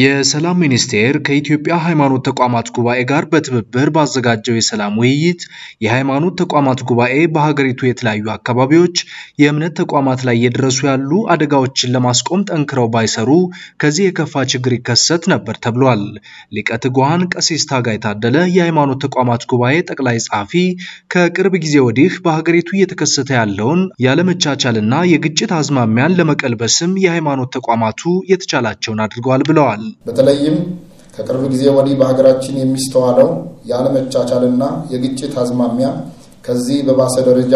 የሰላም ሚኒስቴር ከኢትዮጵያ ሃይማኖት ተቋማት ጉባኤ ጋር በትብብር ባዘጋጀው የሰላም ውይይት የሃይማኖት ተቋማት ጉባኤ በሀገሪቱ የተለያዩ አካባቢዎች የእምነት ተቋማት ላይ እየደረሱ ያሉ አደጋዎችን ለማስቆም ጠንክረው ባይሰሩ ከዚህ የከፋ ችግር ይከሰት ነበር ተብሏል። ሊቀ ትጉሃን ቀሲስ ታጋይ ታደለ የሃይማኖት ተቋማት ጉባኤ ጠቅላይ ጸሐፊ ከቅርብ ጊዜ ወዲህ በሀገሪቱ እየተከሰተ ያለውን ያለመቻቻልና የግጭት አዝማሚያን ለመቀልበስም የሃይማኖት ተቋማቱ የተቻላቸውን አድርገዋል ብለዋል። ተናግረዋል። በተለይም ከቅርብ ጊዜ ወዲህ በሀገራችን የሚስተዋለው የአለመቻቻልና የግጭት አዝማሚያ ከዚህ በባሰ ደረጃ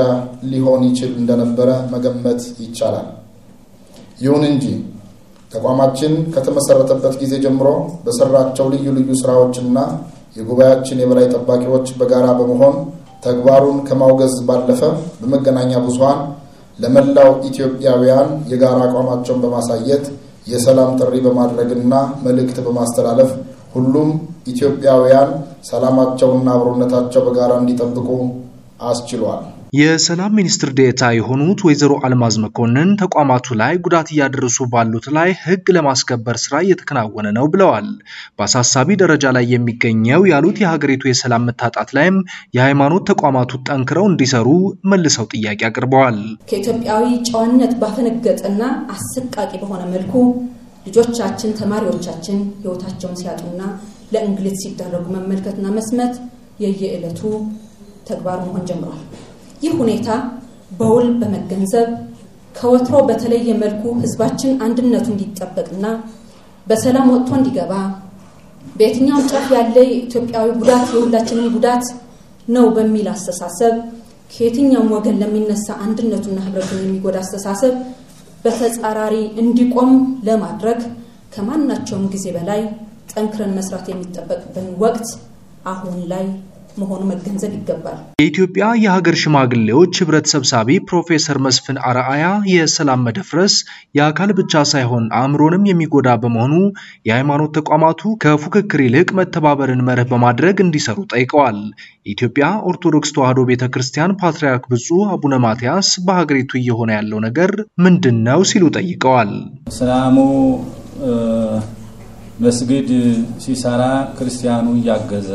ሊሆን ይችል እንደነበረ መገመት ይቻላል። ይሁን እንጂ ተቋማችን ከተመሰረተበት ጊዜ ጀምሮ በሰራቸው ልዩ ልዩ ስራዎችና የጉባኤያችን የበላይ ጠባቂዎች በጋራ በመሆን ተግባሩን ከማውገዝ ባለፈ በመገናኛ ብዙሃን ለመላው ኢትዮጵያውያን የጋራ አቋማቸውን በማሳየት የሰላም ጥሪ በማድረግና መልእክት በማስተላለፍ ሁሉም ኢትዮጵያውያን ሰላማቸውና አብሮነታቸው በጋራ እንዲጠብቁ አስችሏል። የሰላም ሚኒስትር ዴታ የሆኑት ወይዘሮ አልማዝ መኮንን ተቋማቱ ላይ ጉዳት እያደረሱ ባሉት ላይ ሕግ ለማስከበር ስራ እየተከናወነ ነው ብለዋል። በአሳሳቢ ደረጃ ላይ የሚገኘው ያሉት የሀገሪቱ የሰላም መታጣት ላይም የሃይማኖት ተቋማቱ ጠንክረው እንዲሰሩ መልሰው ጥያቄ አቅርበዋል። ከኢትዮጵያዊ ጨዋነት ባፈነገጠና አሰቃቂ በሆነ መልኩ ልጆቻችን፣ ተማሪዎቻችን ህይወታቸውን ሲያጡና ለእንግልት ሲደረጉ መመልከትና መስመት የየዕለቱ ተግባር መሆን ጀምሯል። ይህ ሁኔታ በውል በመገንዘብ ከወትሮ በተለየ መልኩ ህዝባችን አንድነቱ እንዲጠበቅና በሰላም ወጥቶ እንዲገባ በየትኛውም ጫፍ ያለ የኢትዮጵያዊ ጉዳት የሁላችንም ጉዳት ነው በሚል አስተሳሰብ ከየትኛውም ወገን ለሚነሳ አንድነቱና ህብረቱን የሚጎዳ አስተሳሰብ በተጻራሪ እንዲቆም ለማድረግ ከማናቸውም ጊዜ በላይ ጠንክረን መስራት የሚጠበቅብን ወቅት አሁን ላይ መሆኑ መገንዘብ ይገባል። የኢትዮጵያ የሀገር ሽማግሌዎች ህብረት ሰብሳቢ ፕሮፌሰር መስፍን አርአያ የሰላም መደፍረስ የአካል ብቻ ሳይሆን አእምሮንም የሚጎዳ በመሆኑ የሃይማኖት ተቋማቱ ከፉክክር ይልቅ መተባበርን መርህ በማድረግ እንዲሰሩ ጠይቀዋል። የኢትዮጵያ ኦርቶዶክስ ተዋሕዶ ቤተ ክርስቲያን ፓትርያርክ ብፁዕ አቡነ ማትያስ በሀገሪቱ እየሆነ ያለው ነገር ምንድን ነው ሲሉ ጠይቀዋል። ሰላሙ መስጊድ ሲሰራ ክርስቲያኑ እያገዘ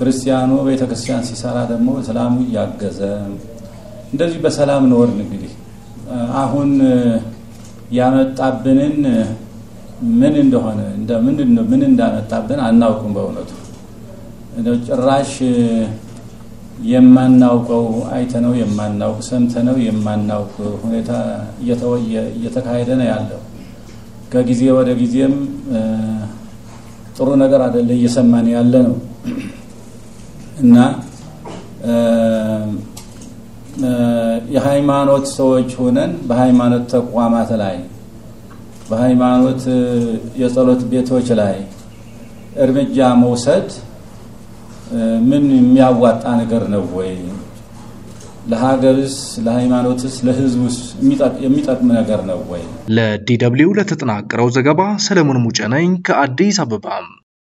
ክርስቲያኑ ቤተ ክርስቲያን ሲሰራ ደግሞ ሰላሙ እያገዘ እንደዚህ በሰላም ኖርን። እንግዲህ አሁን ያመጣብንን ምን እንደሆነ ምን እንዳመጣብን አናውቅም። በእውነቱ ጭራሽ የማናውቀው አይተነው የማናውቅ ነው የማናውቅ ሁኔታ እየተካሄደ ነው ያለው። ከጊዜ ወደ ጊዜም ጥሩ ነገር አደለ እየሰማን ያለ ነው። እና የሃይማኖት ሰዎች ሆነን በሃይማኖት ተቋማት ላይ በሃይማኖት የጸሎት ቤቶች ላይ እርምጃ መውሰድ ምን የሚያዋጣ ነገር ነው ወይ? ለሀገርስ፣ ለሃይማኖትስ፣ ለህዝቡስ የሚጠቅም ነገር ነው ወይ? ለዲ ለተጠናቀረው ዘገባ ሰለሞን ሙጨነኝ ከአዲስ አበባ